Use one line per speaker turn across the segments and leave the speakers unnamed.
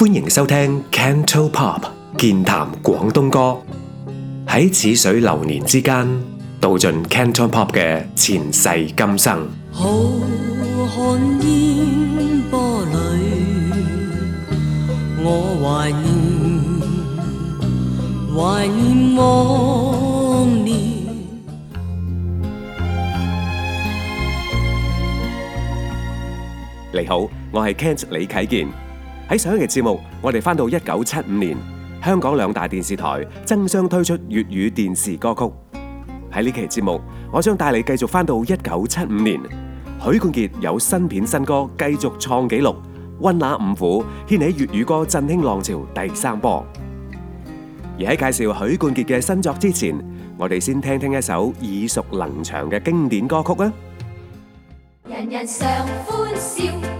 歡迎收聽 Cantopop 健談廣東歌，喺似水流年之間，道盡 Cantopop 嘅前世今生。
浩瀚煙波里，我懷念，懷念往年。
你好，我係 Ken 李啟健。喺上一期節目，我哋翻到一九七五年，香港兩大電視台爭相推出粵語電視歌曲。喺呢期節目，我將帶你繼續翻到一九七五年，許冠傑有新片新歌繼續創紀錄，溫拿五虎掀起粵語歌振興浪潮第三波。而喺介紹許冠傑嘅新作之前，我哋先聽聽一首耳熟能詳嘅經典歌曲啦。人
人常歡笑。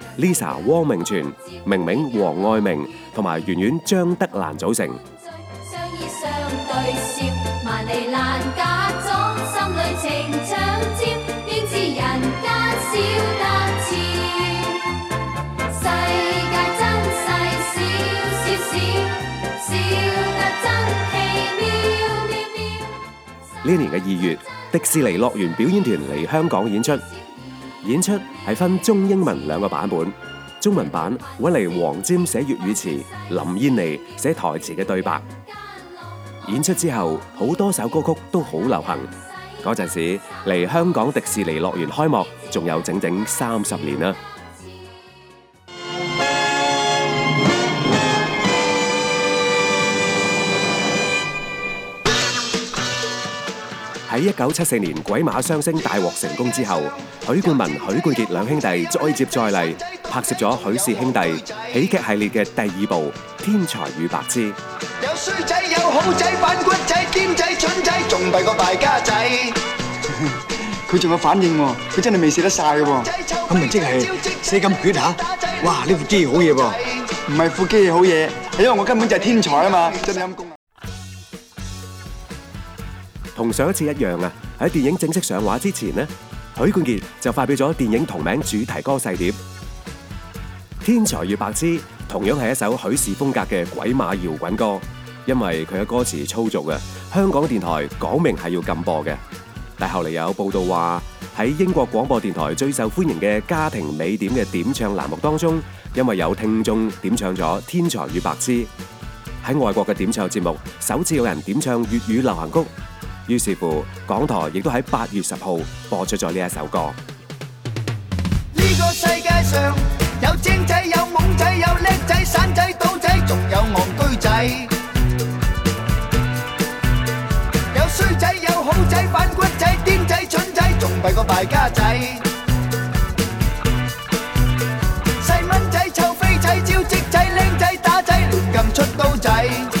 Lisa、汪明荃、明明、王愛明同埋圓圓、張德蘭組成。呢年嘅二月，迪士尼樂園表演團嚟香港演出。演出係分中英文兩個版本，中文版搵嚟黃霑寫粵語詞，林燕妮寫台詞嘅對白。演出之後，好多首歌曲都好流行。嗰陣時離香港迪士尼樂園開幕，仲有整整三十年啦。喺一九七四年《鬼馬雙星》大獲成功之後，許冠文、許冠傑兩兄弟再接再厲，拍攝咗《許氏兄弟喜劇系列》嘅第二部《天才與白痴》。
有衰仔、有好仔、反骨仔、尖仔、蠢仔仲弊過敗家仔。
佢仲有反應
喎，佢真係未死得晒嘅喎。咁咪即係死咁絕吓？哇！呢副機好嘢噃，唔係副機好嘢，係因為我根本就係天才啊嘛。
同上一次一樣啊！喺電影正式上畫之前呢，許冠傑就發表咗電影同名主題歌《細碟》。《天才與白痴》同樣係一首許氏風格嘅鬼馬搖滾歌，因為佢嘅歌詞粗俗嘅，香港電台講明係要禁播嘅。但後嚟有報道話喺英國廣播電台最受歡迎嘅家庭美點嘅點唱欄目當中，因為有聽眾點唱咗《天才與白痴》，喺外國嘅點唱節目首次有人點唱粵語流行曲。於是乎，港台亦都喺八月十號播出咗呢一首歌。
呢個世界上有精仔、有懵仔、有叻仔、散仔、刀仔，仲有戇居仔；有衰仔、有好仔、反骨仔、癲仔、仔蠢仔，仲弊過敗家仔。細蚊仔、臭飛仔、招積仔、靚仔、打仔、亂咁出刀仔。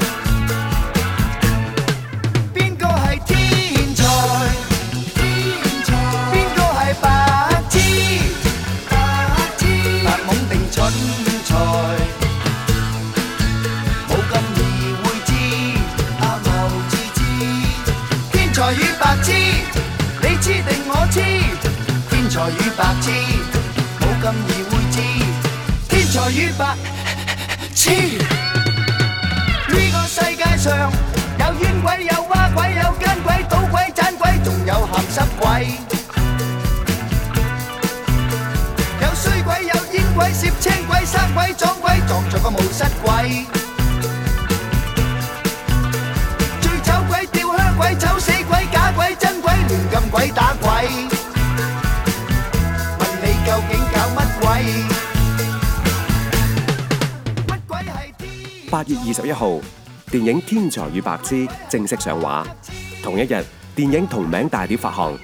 二十一號，電影《天才與白痴》正式上畫。同一日，電影同名大碟發行。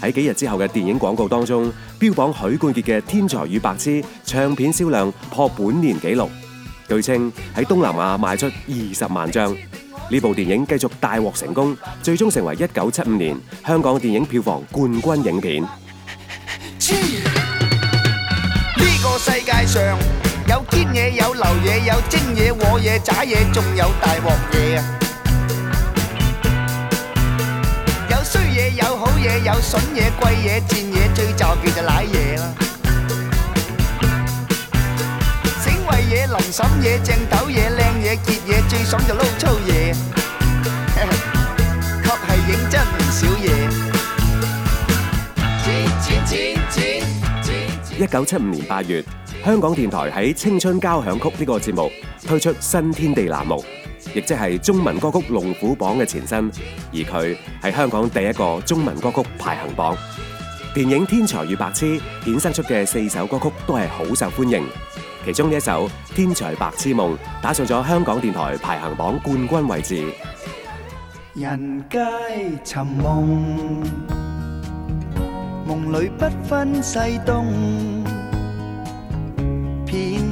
喺幾日之後嘅電影廣告當中，標榜許冠傑嘅《天才與白痴》唱片銷量破本年紀錄，據稱喺東南亞賣出二十萬張。呢部電影繼續大獲成功，最終成為一九七五年香港電影票房冠軍影片。
呢個世界上。有堅嘢，有流嘢，有精嘢和嘢渣嘢，仲有大鑊嘢啊！有衰嘢，有好嘢，有筍嘢、貴嘢、賤嘢，最罩住就瀨嘢啦！請為嘢淋審嘢、正斗嘢、靚嘢、傑嘢，最爽就撈粗嘢。咳咳，確係認真唔少嘢。一九七
五年八月。香港電台喺《青春交響曲》呢個節目推出《新天地欄目》，亦即係中文歌曲龍虎榜嘅前身，而佢係香港第一個中文歌曲排行榜。電影《天才與白痴》衍生出嘅四首歌曲都係好受歡迎，其中呢一首《天才白痴夢》打上咗香港電台排行榜冠軍位置。
人皆尋夢，夢裏不分西東。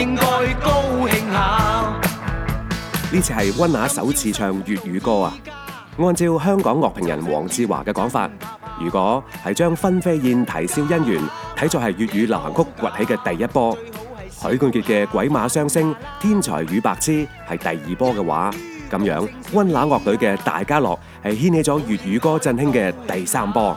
應該
高興下，呢次係溫拿首次唱粵語歌啊！按照香港樂評人黃志華嘅講法，如果係將《分飛燕》啼笑姻緣，睇作係粵語流行曲崛起嘅第一波，許冠傑嘅《鬼馬雙星》、《天才與白痴》係第二波嘅話，咁樣溫拿樂隊嘅《大家樂》係掀起咗粵語歌振興嘅第三波。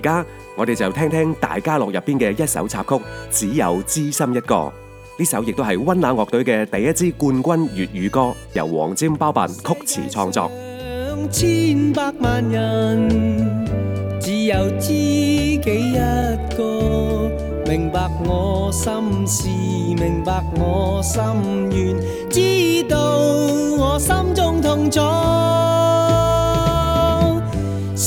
而家我哋就聽聽《大家樂》入邊嘅一首插曲《只有知心一個》，呢首亦都係溫拿樂，樂隊嘅第一支冠軍粵語歌，由黃沾包辦曲詞創作。
千百萬人，只有知己一個，明白我心事，明白我心願，知道我心中痛楚。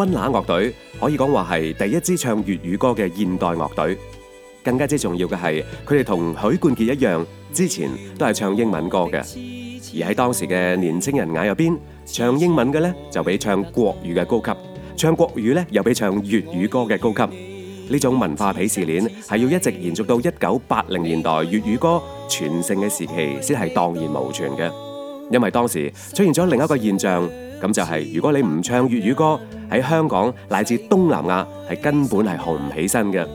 温拿樂隊可以講話係第一支唱粵語歌嘅現代樂隊，更加之重要嘅係佢哋同許冠傑一樣，之前都係唱英文歌嘅。而喺當時嘅年青人眼入邊，唱英文嘅呢就比唱國語嘅高級，唱國語呢又比唱粵語歌嘅高級。呢種文化鄙視鏈係要一直延續到一九八零年代粵語歌全盛嘅時期先係蕩然無存嘅，因為當時出現咗另一個現象。咁就係，如果你唔唱粵語歌喺香港乃至東南亞，係根本係紅唔起身嘅。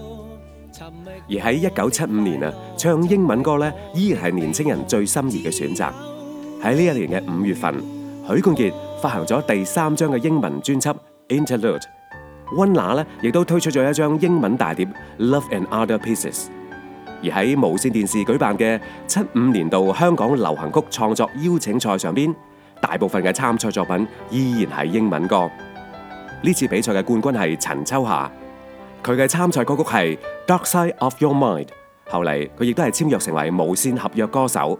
而喺一九七五年啊，唱英文歌呢，依然係年輕人最心儀嘅選擇。喺呢一年嘅五月份，許冠傑發行咗第三張嘅英文專輯《Interlude》，温拿呢亦都推出咗一張英文大碟《Love and Other Pieces》。而喺無線電視舉辦嘅七五年度香港流行曲創作邀請賽上邊。大部分嘅參賽作品依然係英文歌。呢次比賽嘅冠軍係陳秋霞，佢嘅參賽歌曲係《Dark Side of Your Mind》。後嚟佢亦都係簽約成為無線合約歌手。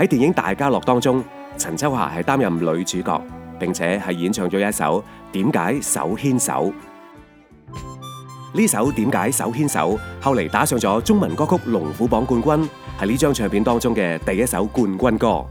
喺電影《大家樂》當中，陳秋霞係擔任女主角，並且係演唱咗一首《點解手牽手》。呢首《點解手牽手》後嚟打上咗中文歌曲龍虎榜冠軍，係呢張唱片當中嘅第一首冠軍歌。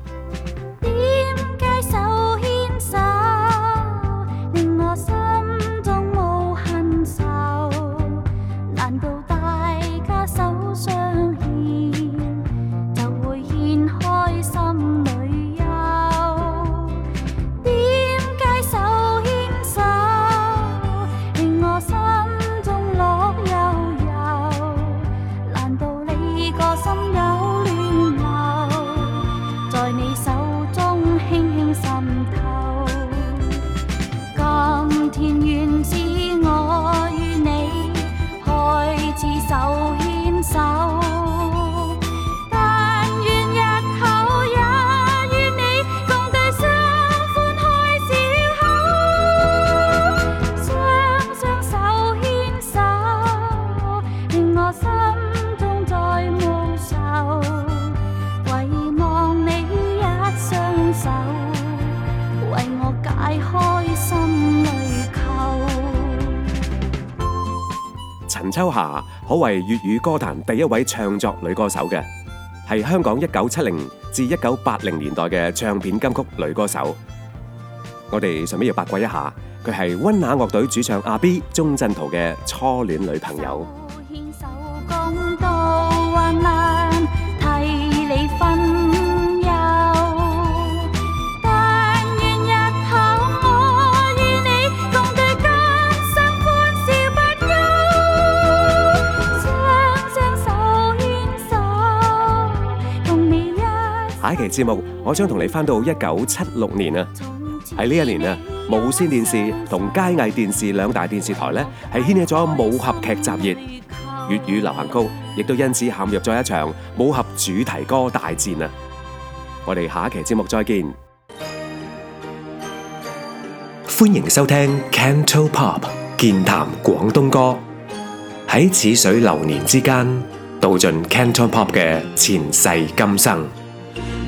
秋霞可為粵語歌壇第一位唱作女歌手嘅，係香港一九七零至一九八零年代嘅唱片金曲女歌手。我哋順便要八卦一下，佢係溫拿樂隊主唱阿 B 鍾鎮濤嘅初戀女朋友。下一期節目，我將同你翻到一九七六年啊！喺呢一年啊，無線電視同佳藝電視兩大電視台呢，係掀起咗武俠劇集熱，粵語流行曲亦都因此陷入咗一場武俠主題歌大戰啊！我哋下一期節目再見，歡迎收聽 Canton Pop 健談廣東歌，喺似水流年之間，道盡 Canton Pop 嘅前世今生。